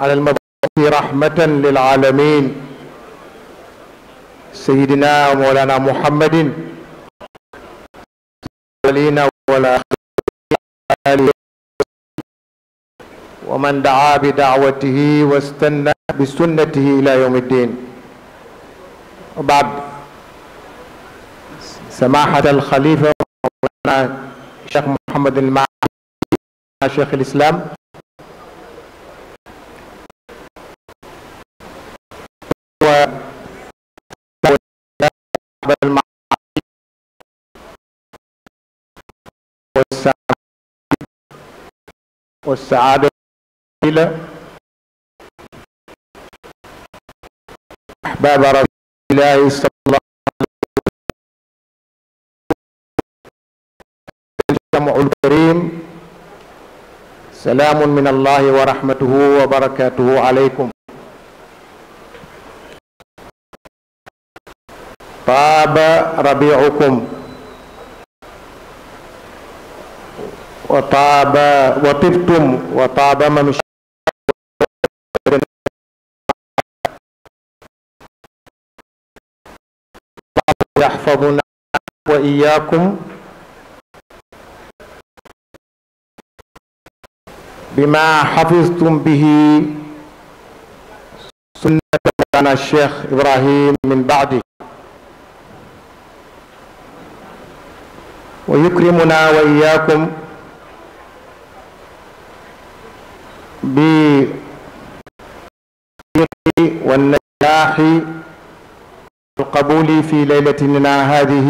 على المبعوث رحمة للعالمين سيدنا مولانا محمد علينا ولا ومن دعا بدعوته واستنى بسنته إلى يوم الدين وبعد سماحة الخليفة الشيخ محمد المعين شيخ الإسلام والسعادة أحباب رسول الله صلى الله عليه وسلم الكريم سلام من الله ورحمته وبركاته عليكم طاب ربيعكم وطاب وطبتم وطاب ممشى يحفظنا وإياكم بما حفظتم به سنة الشيخ إبراهيم من بعده ويكرمنا وإياكم والنجاح القبول في ليلتنا هذه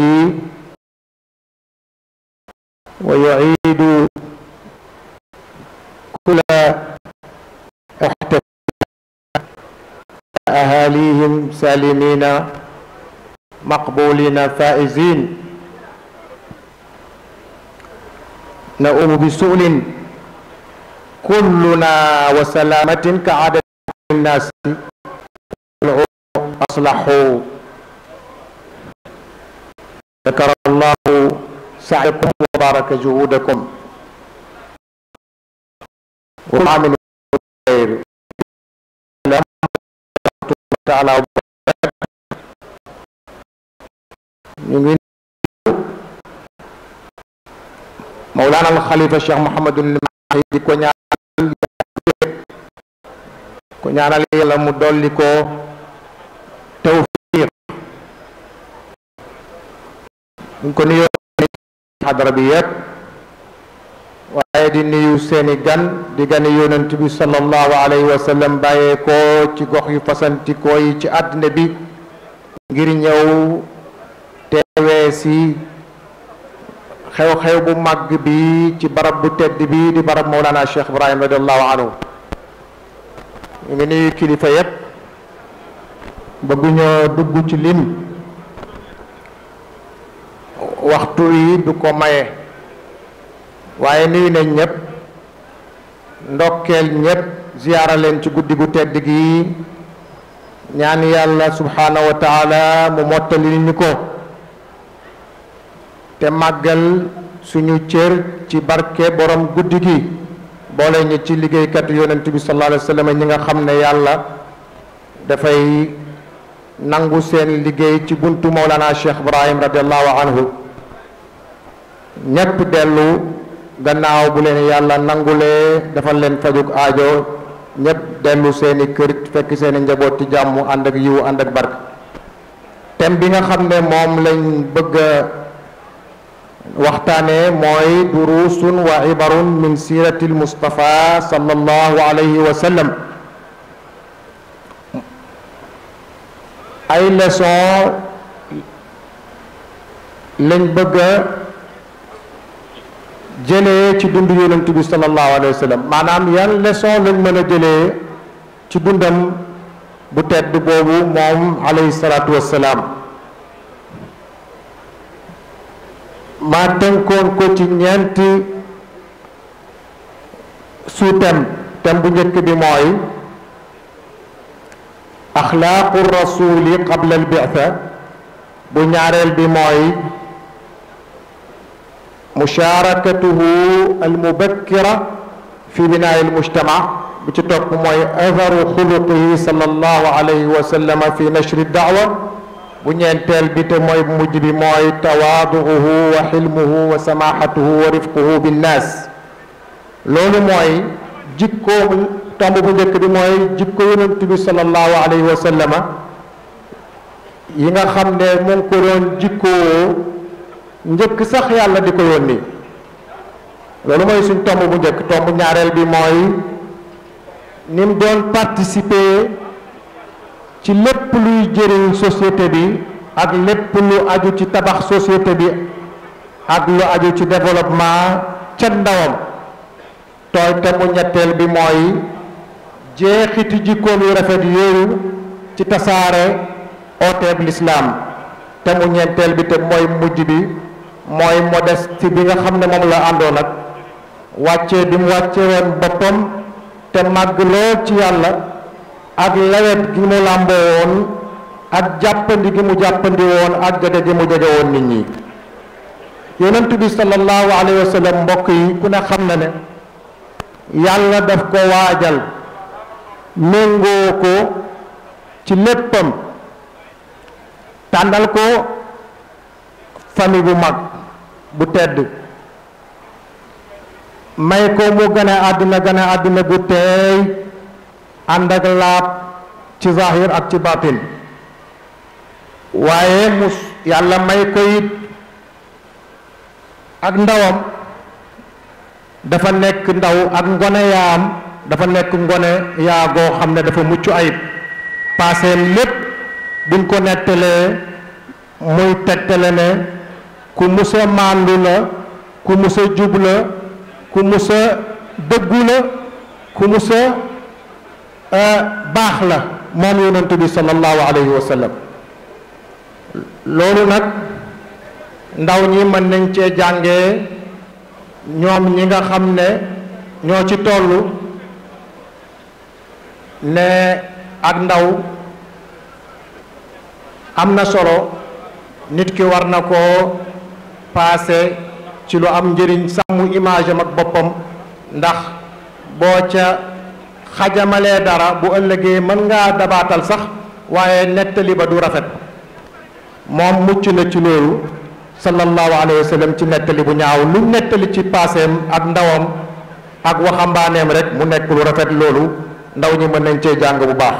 ويعيد كل احتفال أهاليهم سالمين مقبولين فائزين نقوم بسؤل كلنا وسلامة كعدد الناس أصلحوا ذكر الله سعيكم وبارك جهودكم وعمل الخير تعالى ñu Maulana al Khalifa Cheikh Mouhamadul Mahi di ko ñaanal ko ñaanal yàlla mu dolli ko tawfiq ñu ko nuyoo xadara bi yépp waaye di nuyu seeni gan di gani yonent sallallahu alayhi wa sallam bàyyee ko ci gox yu fasantikoo yi ci àddina bi ngir ñëw teewee si xew-xew bu màgg bi ci barab bu tedd bi di barab maulana Cheikh Ibrahim radiallahu anhu ñu ngi nuyu kilifa yépp bëgguñoo dugg ci lim waxtu yi du ko maye waaye nuyu nañ ñépp ndokkeel ñépp ziyaara leen ci guddi gu tedd gi ñaan yàlla subhanahu wa taala mu mottali ko te màggal suñu cër ci barke borom guddi gi boole ñu ci liggéeykat yonent bi sallallahu alayhi ñi nga xam ne yàlla dafay nangu seen liggéey ci buntu Mawlana Cheikh Ibrahim radiallahu anhu ñépp dellu gannaaw bu leen yàlla nangulee dafa leen fajug aajo ñépp dellu seeni kër fekk seeni njaboot ci jàmm ànd ak yiw ànd ak barke thème bi nga xam ne moom lañ bëgg waxtaane mooy duruusun wa ibarun min siirati lmustapha sallallahu alayhi ay leçon lañ bëgga jëlee ci dund yonent bi sallallahu alayhi wa sallam maanaam yan leçon lañ mën a jëlee ci dundam bu tedd boobu moom alayhi salaatu wassalaam matangkon ko ci ñent su tem tem اخلاق الرسول قبل البعثه بو نيارل مشاركته المبكره في بناء المجتمع بتي موي اثر خلقه صلى الله عليه وسلم في نشر الدعوه بنيانتل بيت موي مجبي موي تواضعه وحلمه وسماحته ورفقه بالناس لول موي جيكو تامبو بو ديك دي موي جيكو يونتبي صلى الله عليه وسلم ييغا خامني مون كورون جيكو نجيك صاح يالا ديكو يوني لول موي سون تامبو بو ديك تامبو نياارل بي موي نيم دون بارتيسيبي ci lépp luy jëriñ société bi ak lépp lu aju ci tabax société bi ak lu aju ci développement ca ndawam tooy te mu ñetteel bi mooy jeexiti jikkoom yu rafet yooyu ci tasaare ooteeb lislaam te mu ñeenteel bi te mooy mujj bi mooy modeste bi nga xam ne moom la àndoon ak wàccee bi wàcce woon boppam te màgg lool ci yàlla ak lawet gi mu làmboo woon ak jàppandi gi mu jàppandi woon ak jege gi mu jege woon nit ñi yonent bi sallallahu alayhi wa mbokk yi ku ne xam na ne yàlla daf ko waajal méngoo ko ci léppam tànnal ko famille bu mag bu tedd may ko mu gane àdduna gane àdduna bu teey ànd ak laab ci zahir ak ci batin waaye mu yàlla may ko ak ndawam dafa nekk ndaw ak ngone yaam dafa nekk ngone yaa goo xam ne dafa mucc ayib paaseem lépp buñ ko nettalee muy tegtale ne ku musa màndu la ku musa jub ku musa dëggu la ku musa Euh, baax la moom yonent bi sallallahu alayhi wa loolu nag ndaw ñi mën nañ cee jàngee ñoom ñi nga xam ne ñoo ci tollu ne ak ndaw am na solo nit ki war na koo paase ci lu am njëriñ sàmm image am ak boppam ndax boo ca xajamalee dara bu ëllëgee mën ngaa dabaatal sax waaye nettali ba du rafet moom mucc na ci loolu sallallahu alayhi wa ci nettali bu ñaaw lu nettali ci paaseem ak ndawam ak waxambaaneem rek mu nekk lu rafet loolu ndaw ñi mën nañ cee jàng bu baax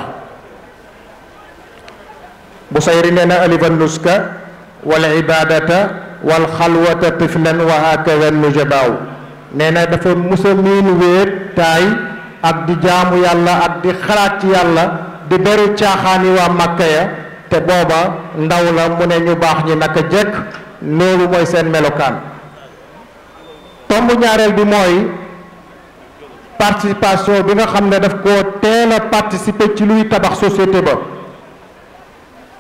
bu sayri nee na alifan nuska wal ibadata wal xalwata tiflan wa hakada nujabaaw nee na dafa musa wéet taay ak di jaamu yàlla ak di xalaat ci yàlla di beru caaxaani waa Màkka ya te booba ndaw la mu ne ñu baax ñi naka jekk loolu mooy seen melokaan tomb ñaareel bi mooy participation bi nga xam ne daf koo teel a ci luy tabax société ba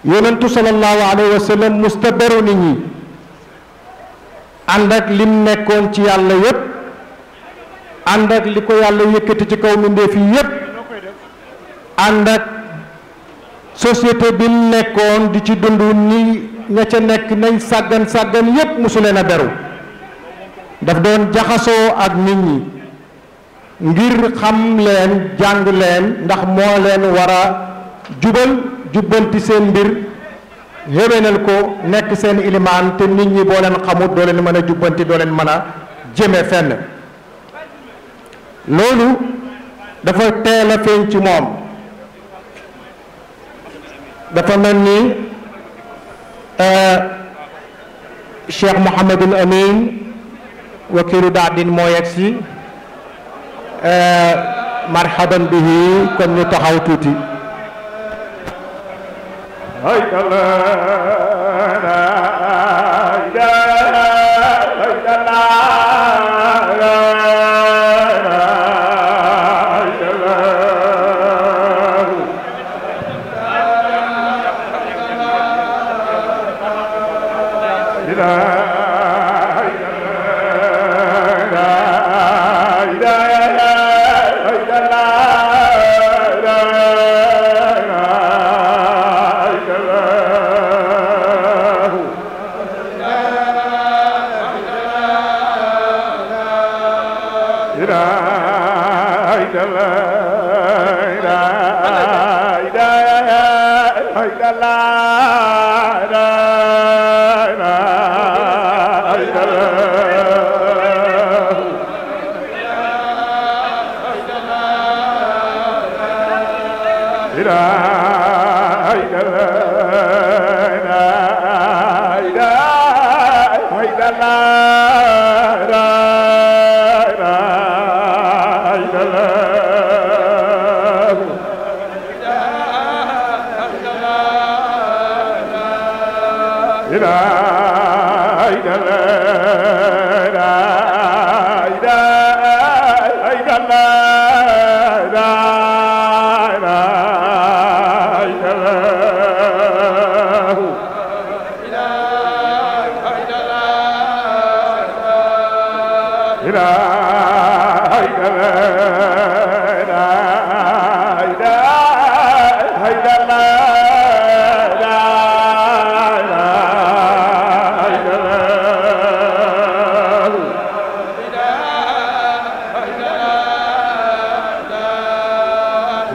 yonentu sallallahu alayhi wa sallam musta beru nit ñi ànd ak lim nekkoon ci yàlla yépp ànd ak li ko yàlla yëkkati ci kaw mbindeef yi yépp ànd ak société bi nekkoon di ci dund ni ña ca nekk nañ sàggan sàggan yépp mosu leen a beru daf doon jaxasoo ak nit ñi ngir xam leen jàng leen ndax moo leen war a jubal jubbanti seen mbir yéwénal ko nekk seen ilimaan te nit ñi boo leen xamut doo leen mën a jubbanti doo leen mën a jëme fenn loolu dafa teel a feeñ dafa mel ni euh, Cheikh Mouhamadul Amin wakiilu daadin moo si euh, marhaban bihi kon ñu taxaw tuuti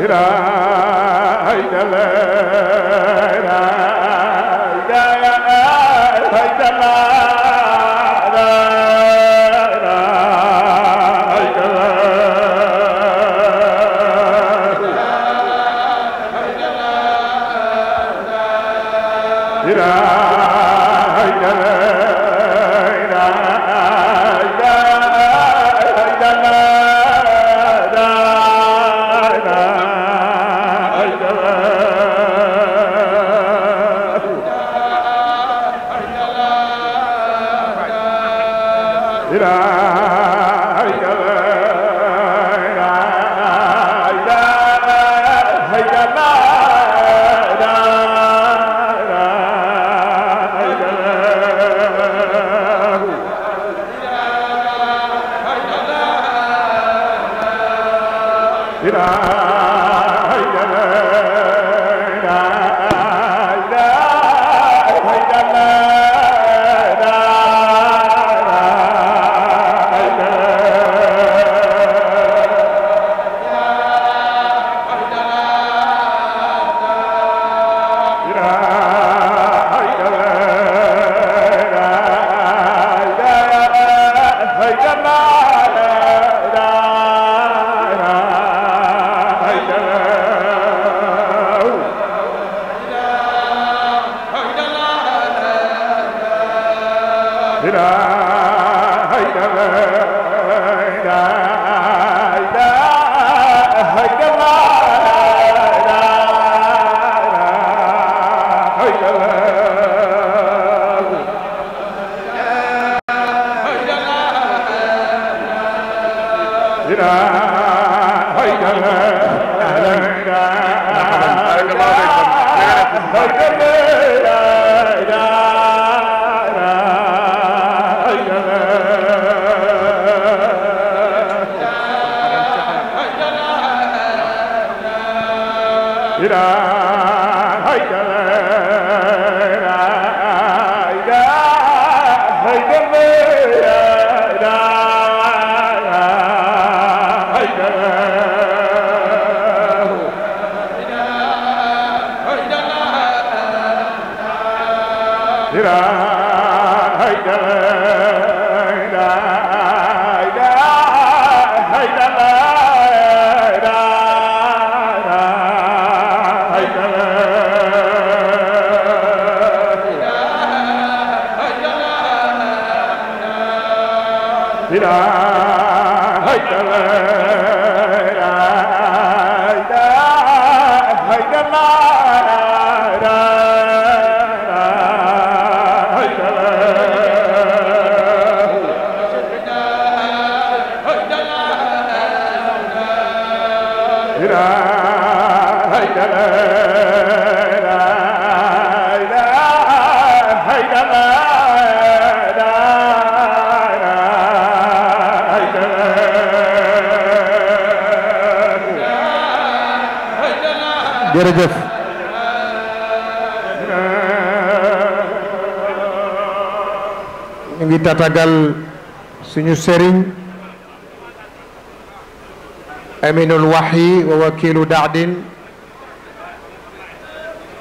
la galera Ira. jërëjëf ñu ngi tatagal suñu sëriñ aminul waxyi wa wakilu daadin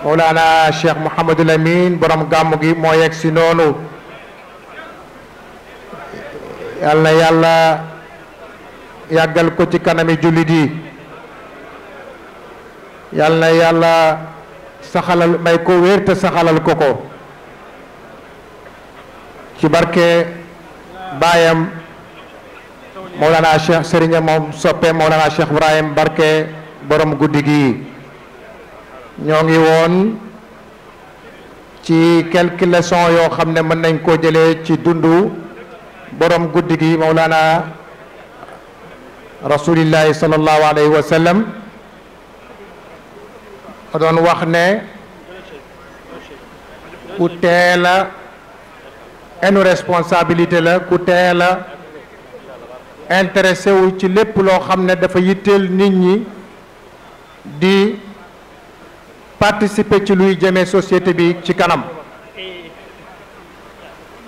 Mawlana Cheikh Mouhamadul Amin borom gàmm gi moo yegg si noonu yàlla yàlla yàggal ko ci kanami jullit yi yàlla na yàlla saxalal may ko wér te saxalal ko ci barke baayam Mawlana Cheikh Serigne moom soppe Mawlana Cheikh Ibrahim barke borom guddi gi ñoo ngi woon ci quelques leçons yoo xam ne mën nañ koo jële ci dundu boroom guddi gi Mawlana rasulillahi sallallahu alayhi wa sallam ma doon wax ne ku teel a enu responsabilité la ku teel a intéressé wu ci lépp loo xam ne dafa yitteel nit ñi di participer ci luy jëme société bi ci kanam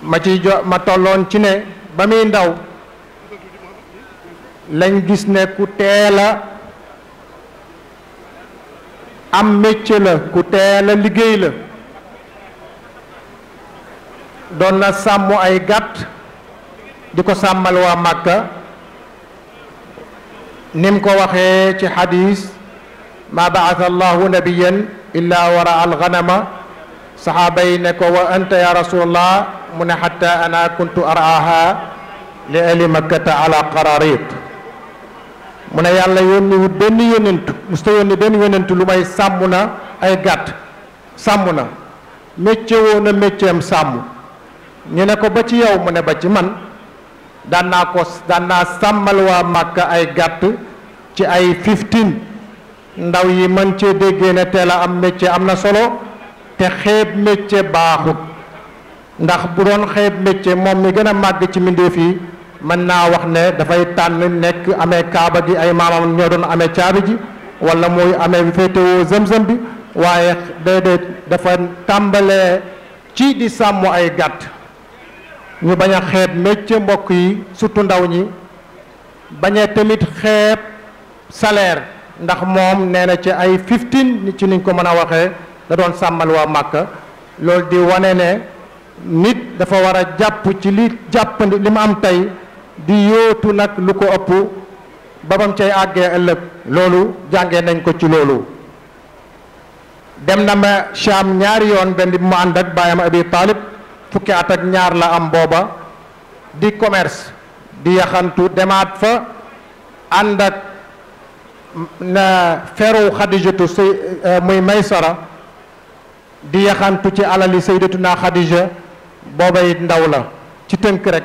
ma ci ma tolloon ci ne ba muy ndaw lañ gis ne ku teel a am métier la ku teel a liggéey la doon na sàmm ay gàtt di ko sàmmal waa Màkka nim ko waxee ci xadis ma baata allahu nabiyan illa wara alganama saxaaba yi ne ko wa anta ya rasulallah mu ne xatta ana kuntu araaha li ali makkata ala qararit mu ne yàlla yónniwut benn yónentu musta yónni benn yónentu lu may sàmm na ay gàtt sàmm na mécce woo na sàmm ñu ne ko ba ci yow mu ne ba ci man daan naa ko daan naa sàmmal waa màkka ay gàtt ci ay fifteen ndaw yi man cee déggee ne teel am métier am na solo te xeeb métier baaxut ndax bu doon xeeb métier moom mi gën a màgg ci mbindéef yi mën naa wax ne dafay tànn nekk amee kaaba gi ay maamam ñoo doon amee caabi ji wala muy amee féetewoo zëm-zëm bi waaye déedéet dafa tàmbalee ci di sàmm ay gàtt ñu bañ a xeeb métier mbokk yi surtout ndaw ñi bañ tamit xeeb salaire ndax moom nee na ci ay 15 ci niñ ko mën a waxee da doon sàmmal waa Màkka loolu di wane ne nit dafa war a jàpp ci li jàppandi li mu am tey di yóotu nag lu ko ëpp ba bam cay àggee ëllëg loolu jàngee nañ ko ci loolu dem na ma Sham ñaari yoon benn bi mu ànd ak baayam Abi Taalib fukki at ak ñaar la am booba di commerce di yaxantu demaat fa ànd ak na feru Xadijatu say euh, muy Maysara di yaxantu ci alali Sayyidatuna Xadija booba it ndaw la ci tënk rek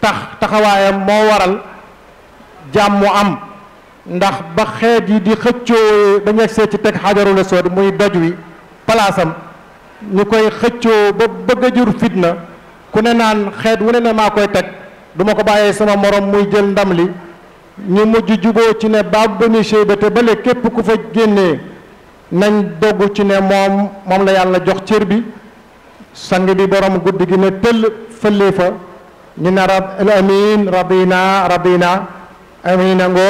tax taxawaayam moo waral jàmm am ndax ba xeet yi di xëccoo ba ñu egsee ci teg xajarul aswad muy doj wi palaasam ñu koy xëccoo ba bëgg a jur fitna ku ne naan xeet wu ne ne maa koy teg du ko bàyyee sama morom muy jël ndam li ñu mujj juboo ci ne baab bani shayba te bale képp ku fa génnee nañ dogg ci ne moom moom la yàlla jox cër bi sang bi borom guddi gi ne tëll fëlee fa ñina amin rabina rabina amina ngo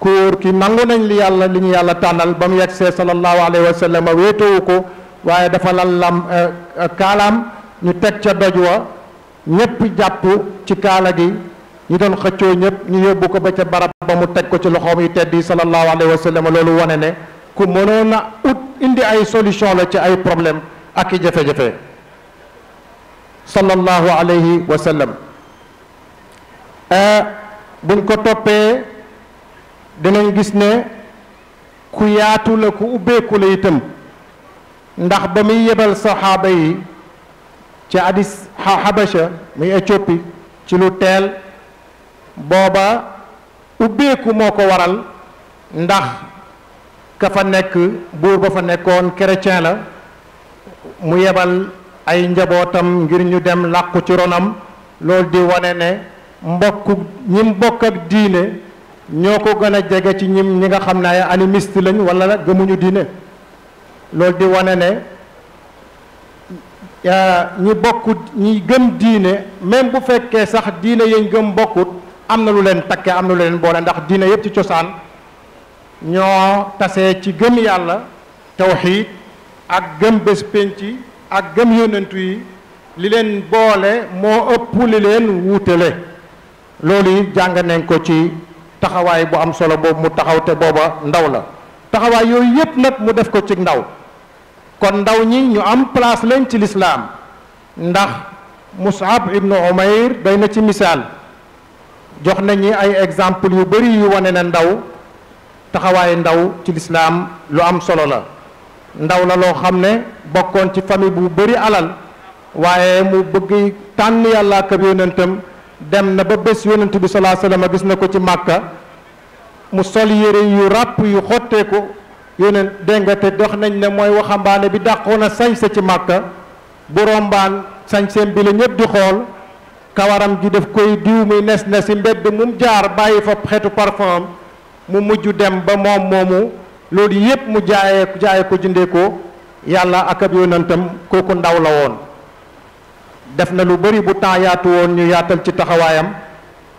kuur ki mangu nañ li yalla li ñu yalla tanal bam mu sallallahu alayhi wa sallam wéetowu ko waye dafa la lam kalam ñu tek ca dojo ñepp japp ci kala gi ñu don xëccu ñepp ñu yobbu ko ba ca barab ba mu tek ko ci loxom yi teddi sallallahu alayhi wa sallam loolu ne ku monona ut indi ay solution la ci ay problème ak jafé jafé sallallahu alayhi wa sallam Euh, buñ ko toppee dinañ gis ne ku yaatu la ku ubbeeku la itam ndax ba muy yebal saxaaba yi ci addis xabasha muy Éthiopie ci lu teel booba ubbeeku moo ko waral ndax ka fa nekk buur ba fa nekkoon chrétien la mu yebal ay njabootam ngir ñu dem làqu ci ronam loolu di wane ne mbokk ñim bokk ak diine ñoo ko gën a jege ci ñim ñi nga xam ne ay animiste lañ wala gëmuñu diine loolu di wane ne ñi bokkut ñi gëm diine même bu fekkee sax diine yañ gëm bokkut am na lu leen takke am na lu leen boole ndax diine yépp ci cosaan ñoo tasee ci gëm yàlla tawxiid ak gëm bés pénc ak gëm yonentu yi li leen boole moo ëpp li leen wuutale loolu it jàng nañ ko ci taxawaay bu am solo boobu mu taxaw te booba ndaw la taxawaay yooyu yëpp nag mu def ko ci ndaw kon ndaw ñi ñu am place lañ ci lislaam ndax Mus'ab ibnu Umayr doy na ci misaal jox nañu ay exemple yu bari yu wane na ndaw taxawaay ndaw ci lislaam lu am solo la ndaw la loo xam ne bokkoon ci famille bu bari alal waaye mu bëgg tànn yàlla ak yonentam dem na ba bés yonent bi salaa sallam gis na ko ci màkka mu sol yére yu ràpp yu xotteeku yonent dégg nga te dox nañ ne mooy waxambaane bi dàqoon a sañse ci màkka bu rombaan sañseem bi la ñëpp di xool kawaram gi daf koy diw muy nes na si mbedd mum jaar bàyyi fa xeetu parfum mu mujj dem ba moom moomu loolu yépp mu jaaye jaaye ko jëndee ko yàlla ak ab yonentam kooku ndaw la woon def na lu bëri bu temps woon ñu yaatal ci taxawaayam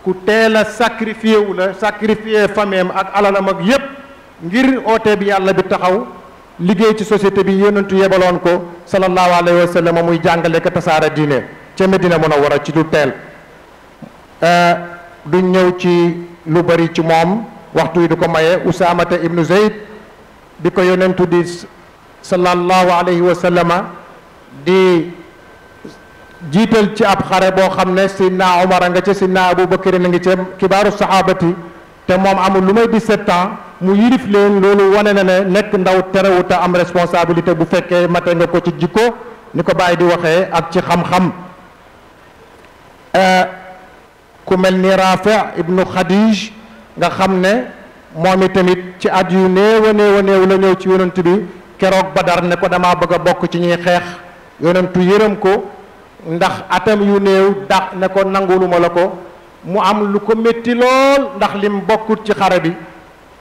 ku teel a sacrifié wu la sacrifié fameem ak alalam ak yépp ngir oote yàlla bi taxaw liggéey ci société bi yonentu yebaloon ko sallallahu alayhi wa muy jàngale ko tasaara diine ca Medina Munawwara ci lu teel euh, du ñëw ci lu bëri ci moom waxtu wi du ko maye usaamata ibnu zeyd bi ko yonentu di sallallahu alayhi wa di jiital ci ab xare boo xam ne sidna Omar a nga ca sidna Abu Bakr a ngi ca kibaaru saxaabati te moom amul lu may 17 ans mu yilif leen loolu wane na ne nekk ndaw terewut a am responsabilité bu fekkee mate nga ko ci jikko ni ko bàyyi di waxee ak ci xam-xam euh, ku mel ni Rafi' ibnu Khadij nga xam ne moom it tamit ci at yu néew a néew la ñëw ci yonent bi keroog Badar ne ko damaa bëgg a bokk ci ñuy xeex yonentu yërëm ko ndax atam yu néew dàq ne ko nanguluma la ko mu am lu ko metti lool ndax lim bokkut ci xare bi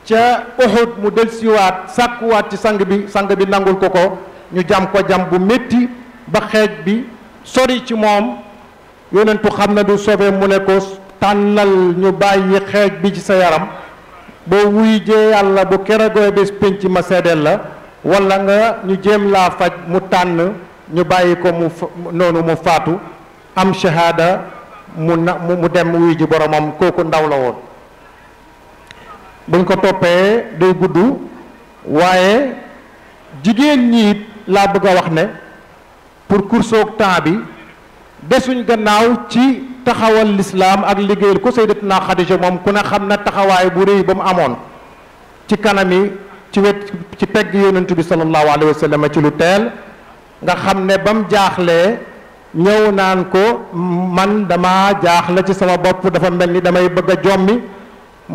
ca Uhud mu delsiwaat sàkkuwaat ci sang bi sang bi nangul ko ko ñu jam ko jam bu métti ba xeej bi sori ci moom yonentu xam na du sobe mu ne ko tànnal ñu bàyyi xeej bi ci sa yaram boo wuy jee yàlla bu keregooy bés pénc ma seddeel la walla nga ñu jéem laa faj mu tànn ñu bàyyi ko mu noonu mu faatu am shahada mu na mu dem wuy ji boromam kooku ndaw la woon buñ ko toppee day gudd waaye jigéen ñi laa bëgg wax ne pour kursoog temps bi desuñ gannaaw ci taxawal lislaam ak liggéeyal ko sayyidatuna Xadija moom ku ne xam na taxawaay bu rëy ba mu amoon ci kanami ci wet ci pegg yonentu bi sallallahu alayhi wa sallam ci lu teel nga xam ne ba mu jaaxlee ñëw naan ko man dama jaaxle ci sama bopp dafa mel ni damay bëgg a jommi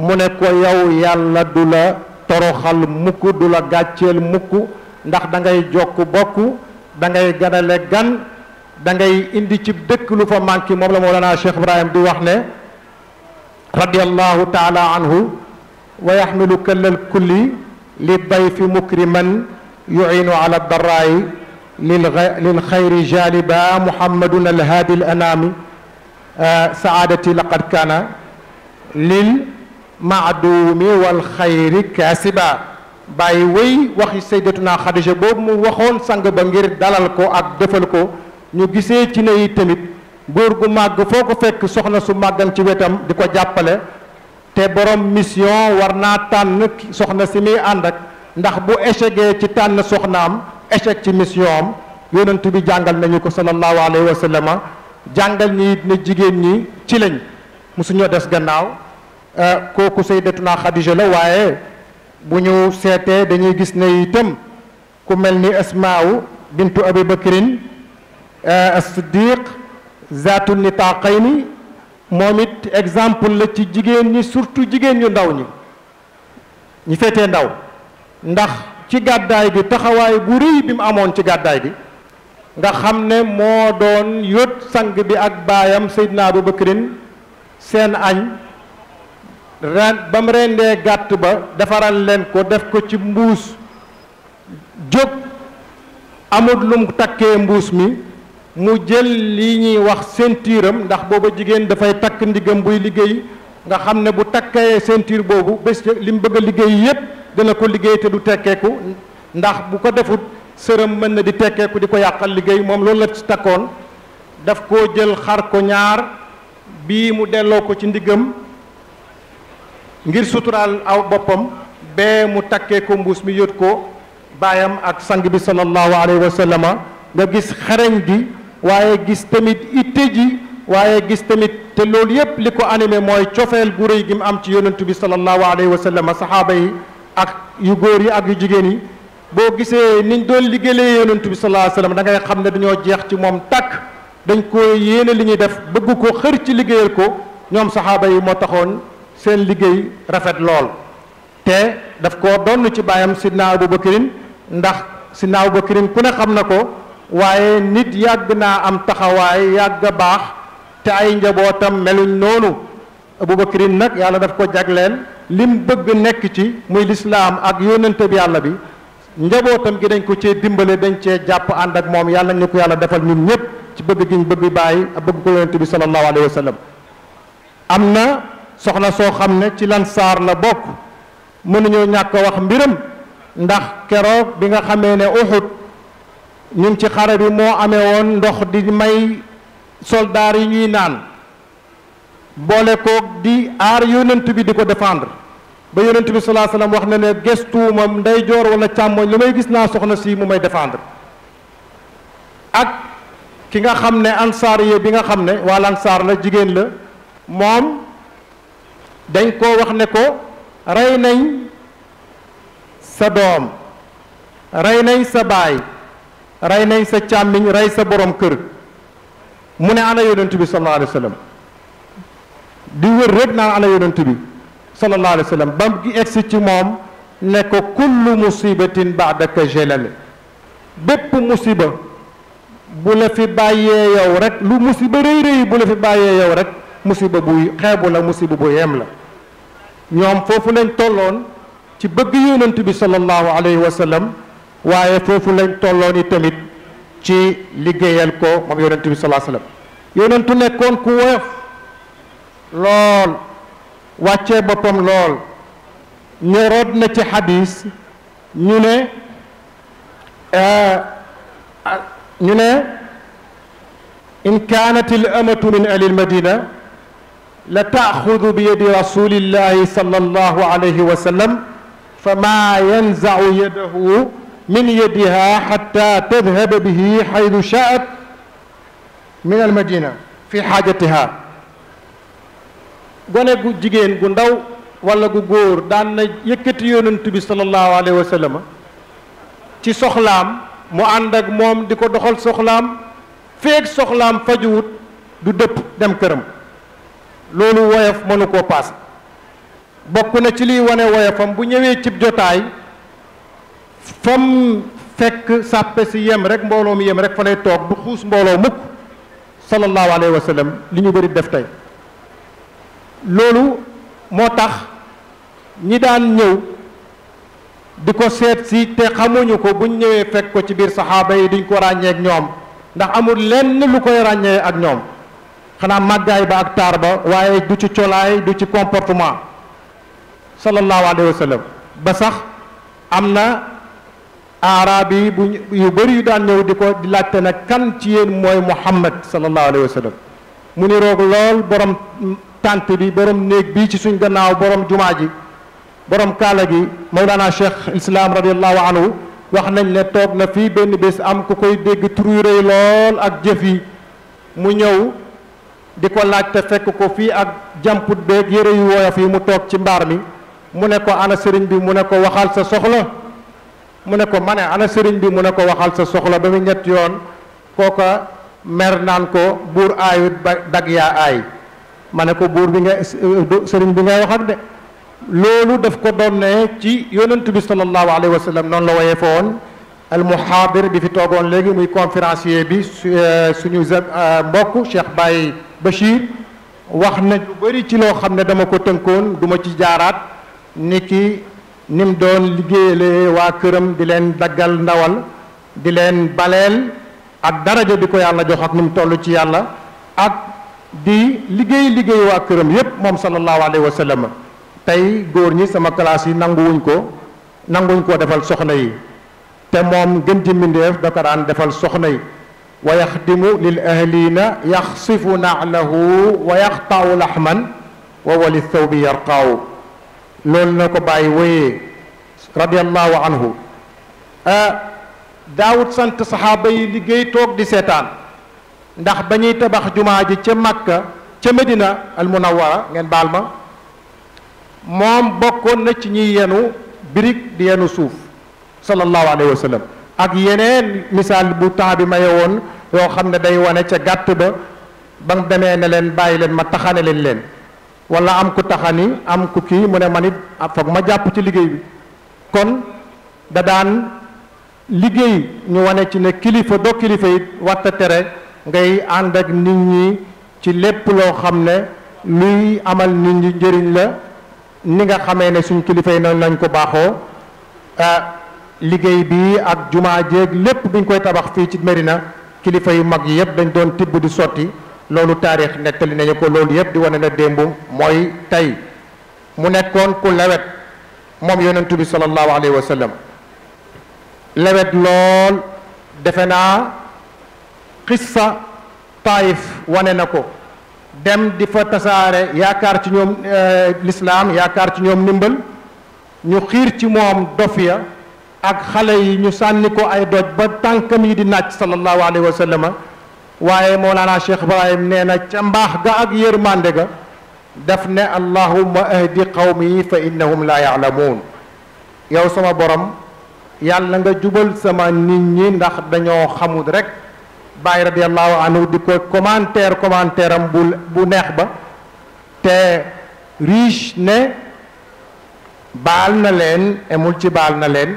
mu ne ko yow yàlla du la toroxal mukk du la gàcceel mukk ndax da ngay jokk bokk da ngay ganale gan dangay indi ci dëkk lu fa manqué moom la Mawlana Cheikh Ibrahim di wax ne radiallahu taala anhu wa yaxmilu këllal kulli li bay fi mukriman yuinu ala daraayi للخير جالبا محمد الهادي الأنام سعادتي لقد كان للمعدوم والخير كاسبا bàyyi wéy waxi sayyidatuna Xadija boobu mu waxoon sang ba ngir dalal ko ak defal ko ñu gisee ci ne yi tamit góor gu màgg foo ko fekk soxna su màggam ci wetam di ko jàppale te borom mission war naa tànn soxna si muy ànd ak ndax bu échegee ci tànn soxnaam échec ci mission am bi jàngal nañu ko sallallahu alayhi wa sallama jàngal ñi ne jigéen ñi ci lañ mosuñoo des gannaaw euh, kooku sayyidatuna Xadija la waaye bu ñu seetee dañuy gis ne itam ku mel ni asmaaw bintu abi bakrin euh, as-siddiq zaatu nitaqayni moom it exemple la ci jigéen ñi surtout jigéen ñu ndaw ñi ñi féetee ndaw ndax ci gàddaay bi taxawaay bu rëy bi mu amoon ci gàddaay bi nga xam ne moo doon yót sang bi ak baayam Seydina Abubakrin seen añ ren ba mu rendee gàtt ba defaral leen ko def ko ci mbuus jóg amut lum takkee mbuus mi mu jël li ñuy wax ceinture-am ndax booba jigéen dafay takk ndigam buy liggéey nga xam ne bu takkee ceinture boobu bés li mu bëgg a liggéey yépp dana ko liggéey te du tekkeeku ndax bu ko defut sërëm mën na di tekkeeku di ko yàqal liggéey moom loolu la ci takkoon daf koo jël xar ko ñaar bi mu delloo ko ci ndiggam ngir suturaal aw boppam bee mu takkee ko mbuus mi yót ko baayam ak sang bi sallallahu alayhi wa sallama nga gis xarañ gi waaye gis tamit itte ji waaye gis tamit te loolu yépp li ko anime mooy cofeel gu rëy gi mu am ci yonent bi sallallahu alayhi wa sallama saxaaba yi ak yu góor yi ak yu jigéen yi boo gisee niñ doon liggéeyee yonent bi sallallahu alayhi wasallam xam ne dañoo jeex ci moom tàkk dañ ko yéene li ñuy def bëgg ko xër ci liggéeyal ko ñoom saxaaba yi moo taxoon seen liggéey rafet lool te daf ko donn ci baayam sidna Abu Bakrin ndax sidna Abu Bakrin ku ne xam na ko waaye nit yàgg naa am taxawaay yàgg a baax te ay njabootam meluñ noonu abubakarin nag yàlla daf ko jagleel lim bëgg nekk ci muy lislaam ak yónnente yàlla bi njabootam gi dañ ko cee dimbale dañ cee jàpp ànd ak moom yàlla ñu ko yàlla defal ñun ñëpp ci bëgg gi ñu bëgg bàyyi bëgg ko yónnente bi sallallahu alayhi wa am na soxna soo xam ne ci lansaar la bokk mënuñoo ñàkk a wax mbiram ndax keroog bi nga xamee ne Uhud ñun ci xare bi moo amee woon ndox di may soldaar yi ñuy naan boole koog di aar yonent bi di ko défendre ba yonent bi salaa salaam wax na ne gestuuma ndeyjoor wala càmmoñ lu may gis naa soxna sii mu may défendre ak ki nga xam ne ansaar yi bi nga xam ne wal ansaar la jigéen la moom dañ koo wax ne ko rey nañ sa doom rey nañ sa baay rey nañ sa càmmiñ rey sa borom kër mu ne ana yonent bi sallallahu alayhi wa di wër rek naan ana yonent bi sallallahu alayhi wa sallam ba mu egsi ci moom ne ko kullu musibatin baadaka jelale bépp musiba bu la fi bàyyee yow rek lu musiba rëy rëy bu la fi bàyyee yow rek musiba bu xeebu la musiba bu yem la ñoom foofu lañ tolloon ci bëgg yonent bi sallallahu alayhi wa sallam waaye foofu lañ tolloon i tamit ci liggéeyal ko moom yonent bi sallallahu alayhi wa sallam yonentu nekkoon ku woyof lool wàccee boppam lool ñoroot na ci xadis ñu ne ñu ne in kaanat il amatu min ahli lmadina la taaxudu bi yadi rasulillahi sal allahu alayhi wa sallam فما ينزع يده من يدها حتى تذهب به حيث شاءت من المدينة في حاجتها gone gu jigéen gu ndaw walla gu góor daan na yëkkati yonent bi sallallahu alayhi wa sallam ci soxlaam mu ànd ak moom di ko doxal soxlaam feeg soxlaam fajuwut du dëpp dem këram loolu woyof mënu ko paas bokk na ci liy wane woyofam bu ñëwee cib jotaay fam fekk sàppe si yem rek mbooloo mi yem rek fa lay toog du xuus mbooloo mukk sallallahu alayhi wa li ñu bëri def tey loolu moo tax ñi daan ñëw di ko seet si te xamuñu ko buñ ñëwee fekk ko ci biir saxaaba yi duñ ko ràññeek ñoom ndax amul lenn lu koy ràññee ak ñoom xanaa màggaay ba ak taar ba waaye du ci colaay du ci comportement sallallahu alayhi wa sallam ba sax am na aaraab yi bu yu bëri daan ñëw di ko di laajte nag kan ci yéen mooy muhammad sallallahu alayhi wa sallam mu ni roog lool borom tant bi borom néeg bii ci suñ gannaaw borom jumaa ji borom kaala gi Mawlana Cheikh Islam radiallahu anhu wax nañ ne toog na fii benn bés am ku koy dégg turu rëy lool ak jëf yi mu ñëw di ko laaj te fekk ko fii ak jamput beeg yëre yu woyof yi mu toog ci mbaar mi mu ne ko ana sëriñ bi mu ne ko waxal sa soxla mu ne ko ma ne ana sëriñ bi mu ne ko waxal sa soxla ba mu ñett yoon kooka mer naan ko buur aayut ba dag yaa aay ma ne ko buur bi nga euh, sëriñ bi ngay wax ak de loolu daf ko doon ne ci yonent bi sallallahu alayhi wa sallam noonu la woyee fa woon al muhaadir bi fi toogoon léegi muy conférencier bi euh, suñu euh, mbokk Cheikh Baye Bachir wax na bari ci loo xam ne dama ko tënkoon duma ci jaaraat ni ki nim doon liggéeyale waa këram di leen daggal ndawal di leen baleel ak daraja bi ko yàlla jox ak ni mu toll ci yàlla ak di liggéey liggéey waa këram yépp moom sallallahu alayhi wa sallam tey góor ñi sama classe yi nanguwuñ ko nanguwuñ koo defal soxna yi te moom gën ci mbindeef da ko daan defal soxna yi wa yaxdimu lil ahliina yaxsifu naalahu wa yaxtaawu laxman wa bi thawbi yarqaaw loolu na ko bàyyi wéyee radiallahu anhu ah, daawut sant saxaaba yi liggéey toog di seetaan ndax bañuy tabax jumaa ji ca makka ca medina al munawwara ngeen baal ma moom bokkoon na ci ñuy yenu birik di yenu suuf sallallahu alayhi wasallam ak yeneen misal bu temps bi maye woon yoo xam day wone ca gàtt ba ba mu demee ne len bayi len ma taxane len len wala am ku taxani am ku ki mu ne man it ma jàpp ci liggey bi kon da daan liggey ñu wone ci ne kilifa do kilifa it watta tere ngay ànd ak nit ñi ci lépp loo xam ne luy amal nit ñi njëriñ la ni nga xamee ne suñ kilifa yi noonu lañ ko baaxoo ah, liggéey bi ak jumaa jéeg lépp biñ koy tabax fii ci Medina kilifa yu mag yi yëpp dañ doon tibb di sotti loolu taarix nettali nañu ko loolu yëpp di wane na démb mooy tey mu nekkoon ku lewet moom yonentu bi sallallahu alayhi wa sallam lewet lool defe naa xissa taif wane na ko dem di fa tasaare yaakaar ci ñoom lislaam yaakaar ci ñoom ndimbal ñu xiir ci moom dof ya ak xale yi ñu sànni ko ay doj ba tànkam yi di naaj sallallahu alayhi wa sallam waaye moolaana cheikh ibrahim nee na ca mbaax ga ak yërmande ga daf ne allahumma ahdi qawmi fa innahum la yaalamuun yow sama borom yàlla nga jubal sama nit ñi ndax dañoo xamul rek bàyyi radiallahu anhu di ko commentaire commentaire am bu bu neex ba te riche ne bal na leen emul ci bal na len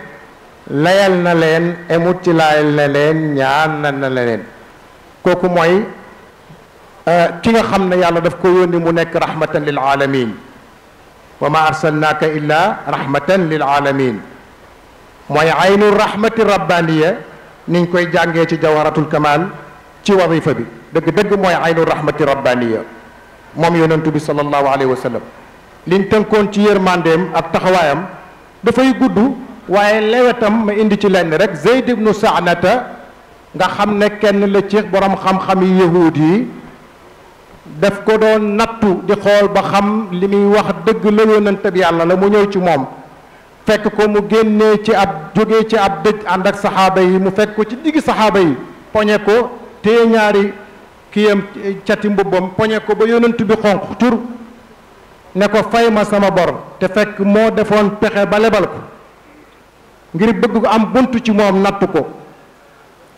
layal na leen emul ci layal na len ñaan na na leen kooku mooy ki nga xamne yàlla daf ko yoni mu nek rahmatan lil alamin wa ma arsalnaaka illa rahmatan lil alamin mooy aynu rahmati rabbaniya niñ koy jàngee ci jawaratul kamal ci wazifa bi dëgg-dëgg mooy aynu rahmati rabbaniya moom yonentu bi sallallahu alayhi wa sallam liñ tënkoon ci yërmandeem ak taxawaayam dafay gudd waaye lewetam ma indi ci lenn rek zeyd ibnu saanata nga xam ne kenn la ci borom xam-xam yi yahuud yi daf ko doon nattu di xool ba xam li muy wax dëgg la yonent bi yàlla la mu ñëw ci moom fekk ko mu génnee ci ab jógee ci ab dëj ànd ak saxaaba yi mu fekk ko ci digg saxaaba yi poñe ko téye ñaari kiyam cati mbubbam poñe ko ba yonent bi xonq tur ne ko fay ma sama bor te fekk moo defoon pexe ba lebal ko ngir bëgg ko am bunt ci moom natt ko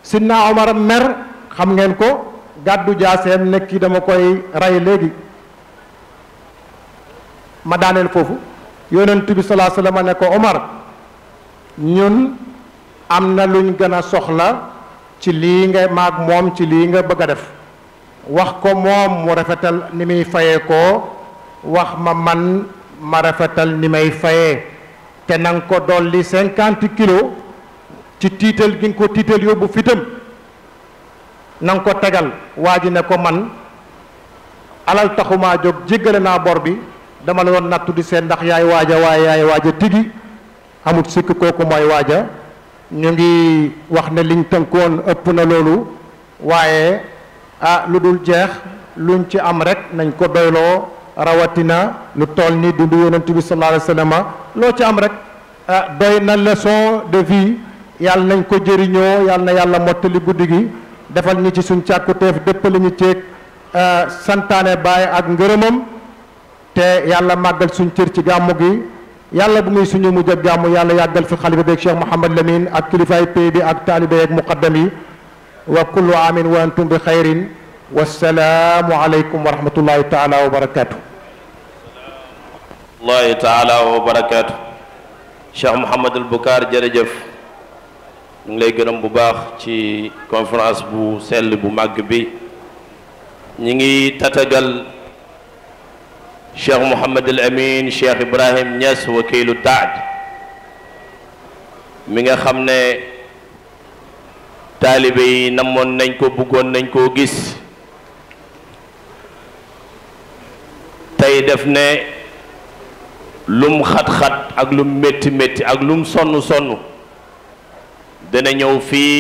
Sidna Omar mer xam ngeen ko gàddu jaaseem nekki dama koy rey léegi ma daaneel foofu yonent bi salaa sallam ne ko omar ñun amna na luñ gën a soxla ci lii nga maag moom ci lii nga bëgg a def wax ko mu rafetal ni muy wax ma man ma rafetal ni may ko dolli cinquante kilo ci tiital gi nga ko tiital yóbbu fitam na ko tegal ne ko man alal taxumaa Jog jéggale naa bor bi dama la doon nattu di seen ndax yaay waaja waaye yaay waaja tigi amut sikk kooku mooy waaja ñu ngi wax ne liñ tënkoon ëpp na loolu waaye ah lu dul jeex luñ ci am rek nañ ko doyloo rawatina lu tool ni dundu yonent bi sallallahu alayhi wasallam loo ci am rek ah doy na leçon de vie yàlla nañ ko jëriñoo yàlla na yàlla mottali guddi gi defal ñi ci suñ càkkuteef dëppali ñu ceeg ah, santaane baay ak ngërëmam te yàlla magal suñ cër ci gamu gi yàlla bu muy suñu mujj ak gàmmu yàlla yagal fi khalifa bek Cheikh mohammed Lamine ak kilifaay pay bi ak talibe ak muqaddami wa kullu amin wa antum bi khairin wasalaamu aleykum wa rahmatullahi taala wa barakatu allahi taala wa barakatu Cheikh Mouhamadul Bukaar jërëjëf ñu ngi lay gërëm bu baax ci conférence bu sell bu màgg bi ñi الشيخ محمد الأمين الشيخ إبراهيم Niass wakiilu Tacd mi nga xam ne taalibe yi namoon nañ ko bëggoon nañ koo gis tey def ne lum xat-xat ak lum métti métti ak lum sonn sonn dana ñëw fii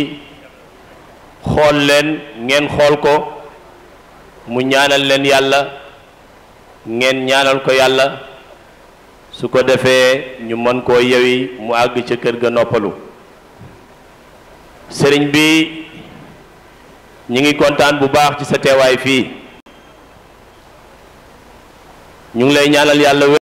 xool leen ngeen xool ko mu ñaanal leen yàlla ngeen ñaanal ko yàlla su ko defee ñu mën koo yewi mu àgg ca kër ga noppalu sëriñ bi ñu ngi kontaan bu baax ci sa teewaay fii ñu ngi lay ñaanal yàlla